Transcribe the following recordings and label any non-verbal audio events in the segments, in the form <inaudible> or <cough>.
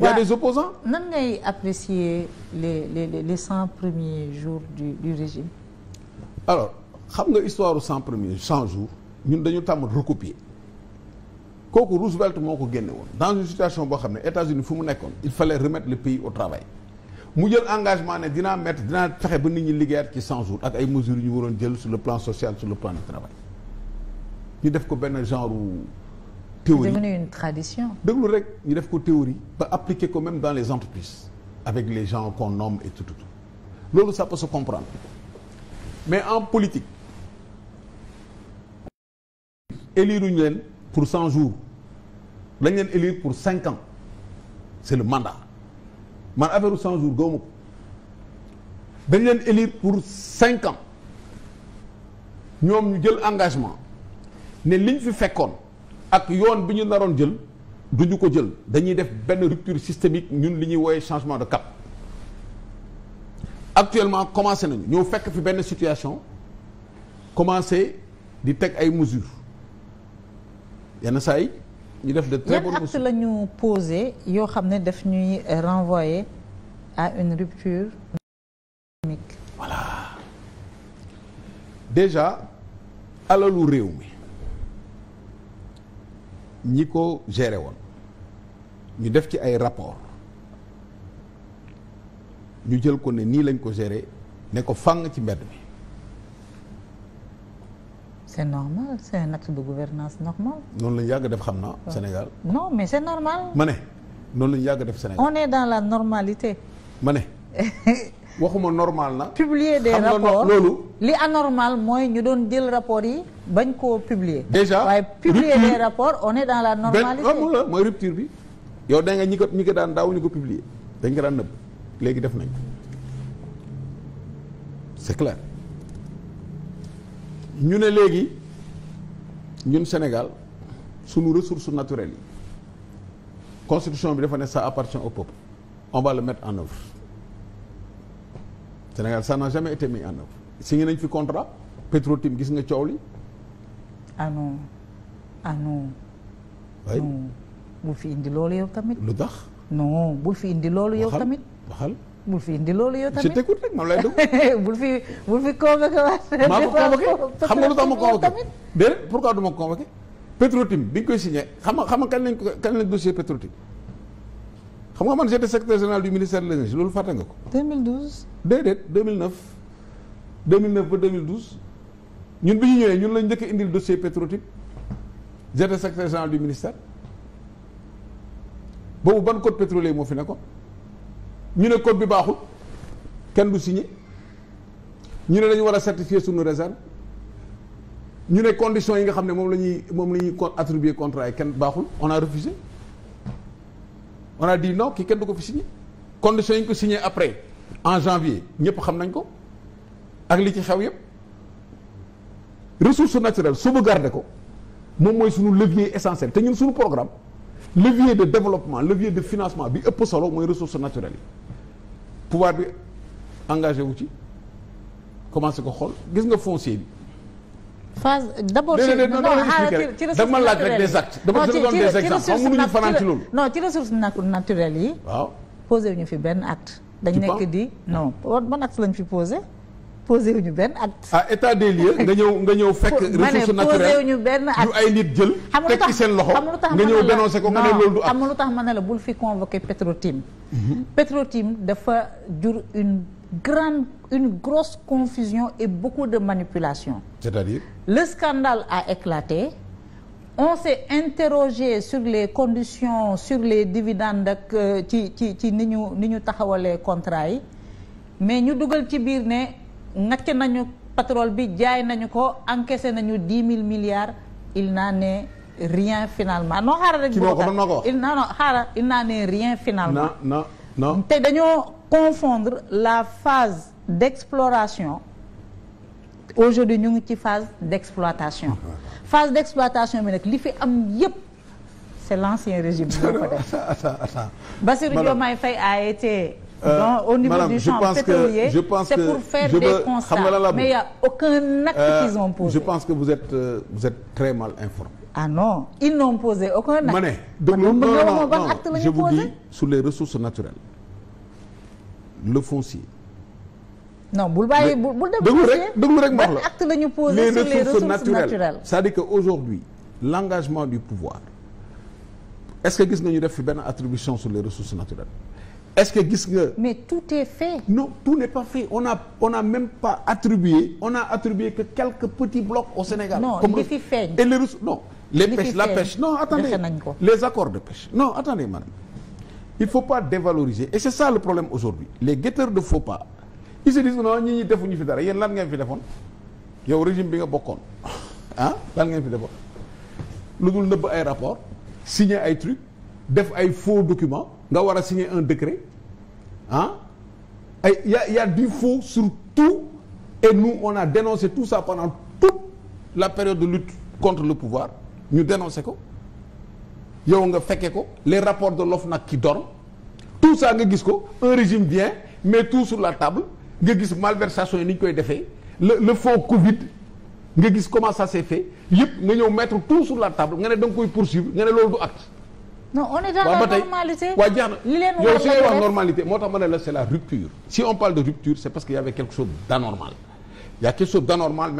y a des opposants nan ngay apprécier le les les cent premiers jours du régime. alors xam nga histoire cent premiers cent jours ñun dañu tàmm recopier kooku Roosevelt moo ko génne woon dans une situation boo xam ne États-Unis fu mu nekkoon il fallait remettre le pays au travail mu jël engagement ne dinaa mettre dinaa fexe ba nit ñi liggéeyaat ci cent jours ak ay mesures ñu waroon jël sur le plan social sur le plan du travail ñu def ko benn genre. théorie devenu une tradition. déglu rek ñu def ko théorie ba appliquer ko même dans les entreprises avec les gens qu'on nomme et tout tout loolu ça peut se comprendre mais en politique éliruñu leen pour cent jours lañ leen élire pour cinq ans c'est le mandat man affaire u cent jours gawma ko dañ leen élire pour cinq ans ñoom ñu jël engagement ne liñ fi fekkoon ak yoon bi ñu naroon jël du ñu ko jël dañuy def benn rupture systémique ñun li ñuy wooyee changement de cap actuellement commencé nañu ñëw fekk fi benn situation commencé di teg ay mesures yenn saa yi ñu def de très bonnes ñu posé yoo xam ne def ñuy renvoyer à une rupture voilà déjà alalu réew mi ñi ko géré woon ñu def ci ay rapport ñu jël ko ne nii lañ ko géré ne ko fàng ci mbedd bi c'est normal c'est un acte de gouvernance normal noonu lañu yàgg def xam na Sénégal non mais c'est normal ma ne noonu lañu yàgg def Sénégal on est dans la normalité ma ne <laughs> waxuma normal na. publier des rapports loolu. li anormal mooy ñu doon jël rapport yi bañ koo publier. déjà waaye publier des rapports on est dans la normalité amul la mooy rupture bi. yow da nga ñi ko ñi ko daan daaw ñu ko publier dañ ko daan nëbb léegi def nañ c'est clair ñu ne léegi ñun Sénégal sunu ressources naturel yi constitution bi dafa ne sa appartient au peuple on le mettre en œuvre. Sénégal ça n'a jamais été mis en œuvre signé nañ fi contrat Petro-Tim gis nga coow li. ah non ah non. oui non bul fi indi loolu yow tamit. lu tax. non bul fi indi loolu yow tamit. waxal bul fi indi loolu yow tamit. je t'écoute rek moom lay déglu. <laughs> bul fi bul fi convoqué waat. maa ko convoqué xam nga lu tax ma convoqué. déedéet pourquoi du bi ñu koy signé xam nga xam nga kañ lañ ko lañ dossier Petro-Tim. xam nga man j'étais secrétaire général du ministère de l'énergie loolu fàtte nga ko. 2012. déedéet 2009 2009 ba 2012 ñun bi ñu ñëwee ñun lañ njëkk indil dossier Petro-Tim j'étais secrétaire général du ministère boobu ban code pétrolier moo fi nekkoon ñu ne code bi baaxul kenn du signé ñu ne lañu war a certifier sunu réserve ñu ne conditions yi nga xam ne moom la ñuy moom la ñuy attribuer contrat yi kenn baaxul on a refusé. on a dit non kenn du ko fi signé conditions yi ñu ko après en janvier ñëpp xam nañ ko ak li ci xew yëpp ressource naturelle sauvegarder ko moom mooy suñu levier essentiel te ñun suñu programme levier de développement levier de financement bi ëpp solo mooy ressource naturelle yi pouvoir bi engagé wu ci commencé ko xool gis nga foncier bi phase d' abord ci non ci ah, dama laaj rek loolu. non ci ressources naturelles yi. waaw ñu fi benn acte. dañ nekk di non ban acte lañ fi posé. posé ñu benn acte. ah état des lieux nga ñëw nga ñëw fekk. ressources naturelles yu ay nit jël. teg ci seen loxo nga ñëw dénoncé ko nga ne loolu xam lu tax ma ne la bul fi convoqué Petro-Tim. Mhm. dafa jur une. grande une grosse confusion et beaucoup de manipulation. C'est-à-dire? Le scandale à éclaté. On s'est interrogé sur les conditions sur les dividendes ak euh, ci ci ci ni ñu ni ñu taxawalee contrat yi mais ñu dugal ci biir ne ngacc nañu patrol bi jaay nañu ko encaissé nañu dix mille milliards il n'en est rien finalement non xaaral rek. ci il non non n'en est rien finalement. non te dañoo confondre la phase d'exploration aujourd'hui ñu ngi ci phase d'exploitation ah, phase d'exploitation bi nag li fi am yépp c'est l'ancien régime a ko def <laughs> Bassirou Diomaye Faye a été euh, dans au niveau Madame, du champ pétrolier je pense c'est pour faire des veux, constats mais il n'y a aucun acte euh, je pense que vous êtes euh, vous êtes très mal informé ah non ils n'ont posé aucun acte ma ne déglu non non les ressources naturelles le foncier. non bul bàyyi bul dem déglu rek déglu rek wax la acte la ñu posé sur les ressources naturelles c'est-à-dire que aujourd'hui l'engagement du pouvoir est-ce que gis nga ñu def fi benn attribution sur les ressources naturelles est-ce que gis nga. mais tout est fait. non tout n'est pas fait on a on a même pas attribué on a attribué que quelques petits blocs au Sénégal. non li fi feeñ et les ressources non. les pêches la non attendez les accords de pêche non attendez madame. il faut pas dévaloriser et c'est ça le problème aujourd'hui les guetteurs de faux pas ils se disent non ñi ñi defuñu fi dara yéen lan ngeen fi defoon yow régime bi nga bokkoon ah lan ngeen fi defoon lu dul nëbb ay rapport signer ay trucs def ay faux documents nga war a signer un décret ah ay ya y' a du faux sur tout et nous on a dénoncé tout ça pendant toute la période de lutte contre le pouvoir ñu dénoncé ko yow nga fekkee ko les rapport de l'OFNAC qui dorment tout ça nga gis ko un régime vient met tout sur la table nga gis malversation yi ni ñu koy defee le le fonds Covid nga gis comment ça fait yëpp nga ñëw mettre tout sur la table nga ne da nga koy poursuivre nga ne loolu du acte. non on est dans la na yow si ngay wax normalité moo tax ma ne la c'est la rupture. si on parle de rupture c'est parce qu'il y avait quelque chose d'anormal il quelque chose d'anormal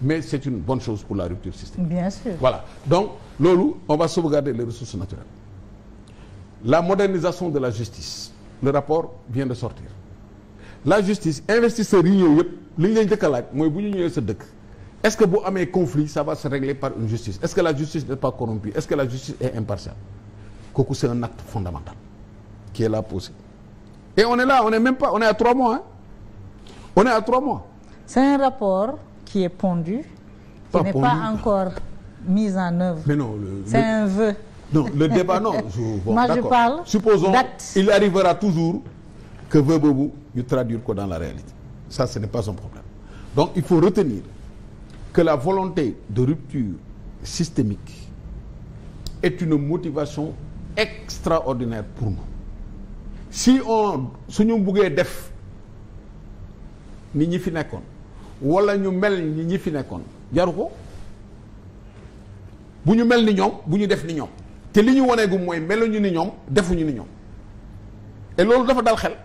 mais c'est une bonne chose pour la rupture systémique. bien sûr voilà donc loolu on va sauvegarder les ressources naturelles. la modernisation de la justice le rapport vient de sortir la justice investisseurs yi ñëw yëpp li ñu leen njëkk laaj mooy bu ñu ñëwee sa dëkk est-ce que bu amee conflit ça va se régler par une justice est-ce que la justice n'est pas corrompue est-ce que la justice est impartiale kooku c'est un acte fondamental qui est là posé et on même pas on est mois hein on mois. c'est un qui est pondu, qui n'est pas encore mise en œuvre. Mais non, c'est un vœu. Non, le débat, non. Je, bon, <laughs> Moi, je parle Supposons, il arrivera toujours que vœu boobu ñu traduire ko dans la réalité. Ça, ce n'est pas un problème. Donc, il faut retenir que la volonté de rupture systémique est une motivation extraordinaire pour nous. Si on, suñu buggee def ni ñi fi nekkoon. wala ñu mel ni ñi fi nekkoon jaru ko bu ñu mel ni ñoom bu ñu def ni ñoom te li ñu waneegum mooy meluñu ni ñoom defuñu ni ñoom et loolu dafa dal xel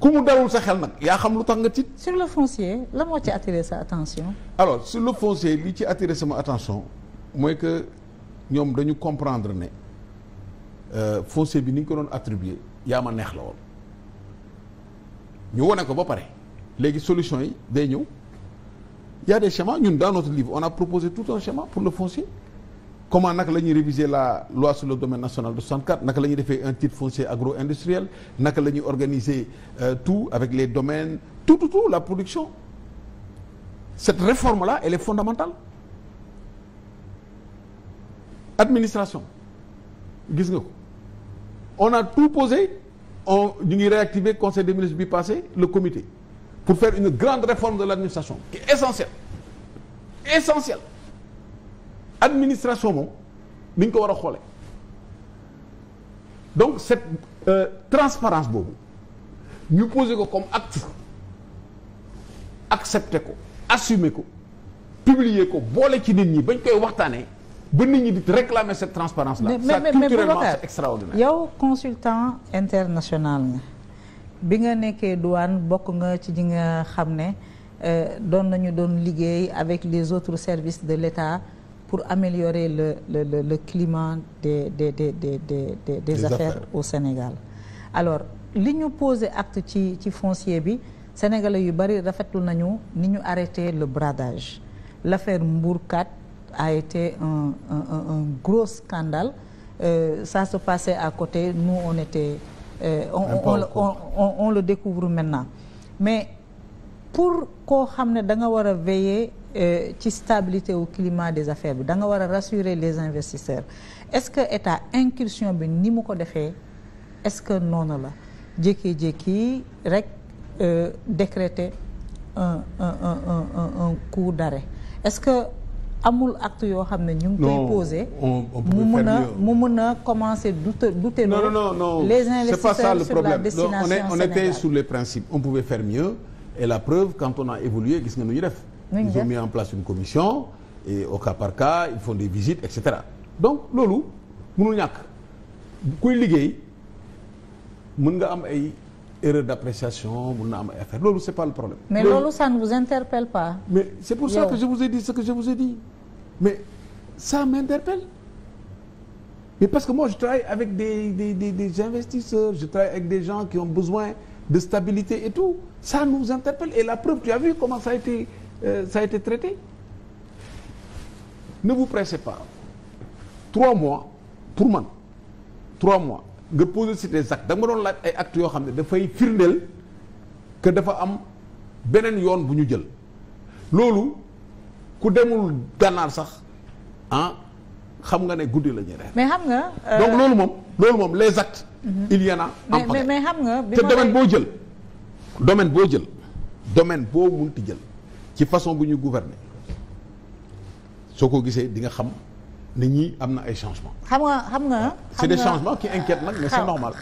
ku mu dalul sa xel nag yaa xam lu tax nga tiit. sur le foncier la moo ci attiré sa attention. alors sur le foncier li ci attiré sama attention mooy que ñoom dañu comprendre ne euh, foncier bi ni ñu ko doon attribué yaa ma neex la woon ñu wone ko ba pare. léegi solution yi day ñëw y a des schémas ñun dans notre livre on a proposé tout un schéma pour le foncier comment naka lañuy ñuy réviser la loi sur le domaine national de 64 naka la ñuy defee un titre foncier agro-industriel naka la ñuy organiser euh, tout avec les domaines tout tout tout la production cette réforme là elle est fondamentale administration gis nga ko on a tout posé on ñu ngi réactiver conseil des ministres bi passé le comité pour faire une grande réforme de l'administration qui est essentielle essentielle administration moom ni ñu ko war a xoolee donc cette euh, transparence boobu ñu poser ko comme acte accepter ko assumer ko publier ko boole ci nit ñi bañ koy waxtaanee ba nit ñi di réclamer cette transparence là ça culturellement c'est extraordinaire yow consultant international nga bi nga nekkee douane bokk nga ci ñi nga xam ne euh, doon nañu doon liggéey avec les autres services de l'État pour améliorer le le le, le climat des des des des des des affaires, au Sénégal. alors li ñu posé acte ci ci foncier bi sénégalais yu bari rafetlu nañu ni ñu arrêté le bradage l'affaire Mbour 4 a été un un un, un gros scandale euh, se passait à côté nous on était. Euh, on, on, on, on on le découvre maintenant mais pour koo xam ne da nga war a veiller euh, ci stabilité au climat des affaires bi da nga war a rassurer les investisseurs est-ce que état incursion bi ni mu ko defee est-ce que noonu la jékki-jékki rek euh, décréter un un un un un, un coup d'arrêt est-ce que amul acte yoo xam ne ñu ngi koy posé mu mën a mu mën a commencer douter douter non non non les investisseurs c'est pas ça le problème non, on est on était sur les principes on pouvait faire mieux et la preuve quand on a évolué gis nga nu ñu def ils ont mis en place une commission et au cas par cas ils font des visites et cetera donc loolu mënul ñàkk kuy liggéey mën nga am ay erreur d'appréciation mën na am ay affaire loolu c'est pas le problème mais loolu ça ne vous interpelle pas mais c'est pour ça que je vous ai dit ce que je vous ai dit mais ça m'interpelle mais parce que moi je travaille avec des des des des investisseurs je travaille avec des gens qui ont besoin de stabilité et tout ça nous interpelle et la preuve tu as vu comment ça été euh, été traité ne vous pressez pas trois mois pour man trois mois nga poser ci des actes da doon laaj ay actes yoo xam ne dafay firndeel que dafa am beneen yoon bu ñu jël loolu ku demul gànnaar sax ah xam nga ne guddi la ñuy reer mais xam nga. Euh, donc loolu moom loolu moom les actes. il y en a en mais xam nga. te domaine boo jël domaine boo jël domaine boo munti jël ci façon bu ñu gouverner soo ko gisee di nga xam ne ñii am na ay changements. xam nga xam nga. c'est des changements ki inquiètent nag mais c'est normal.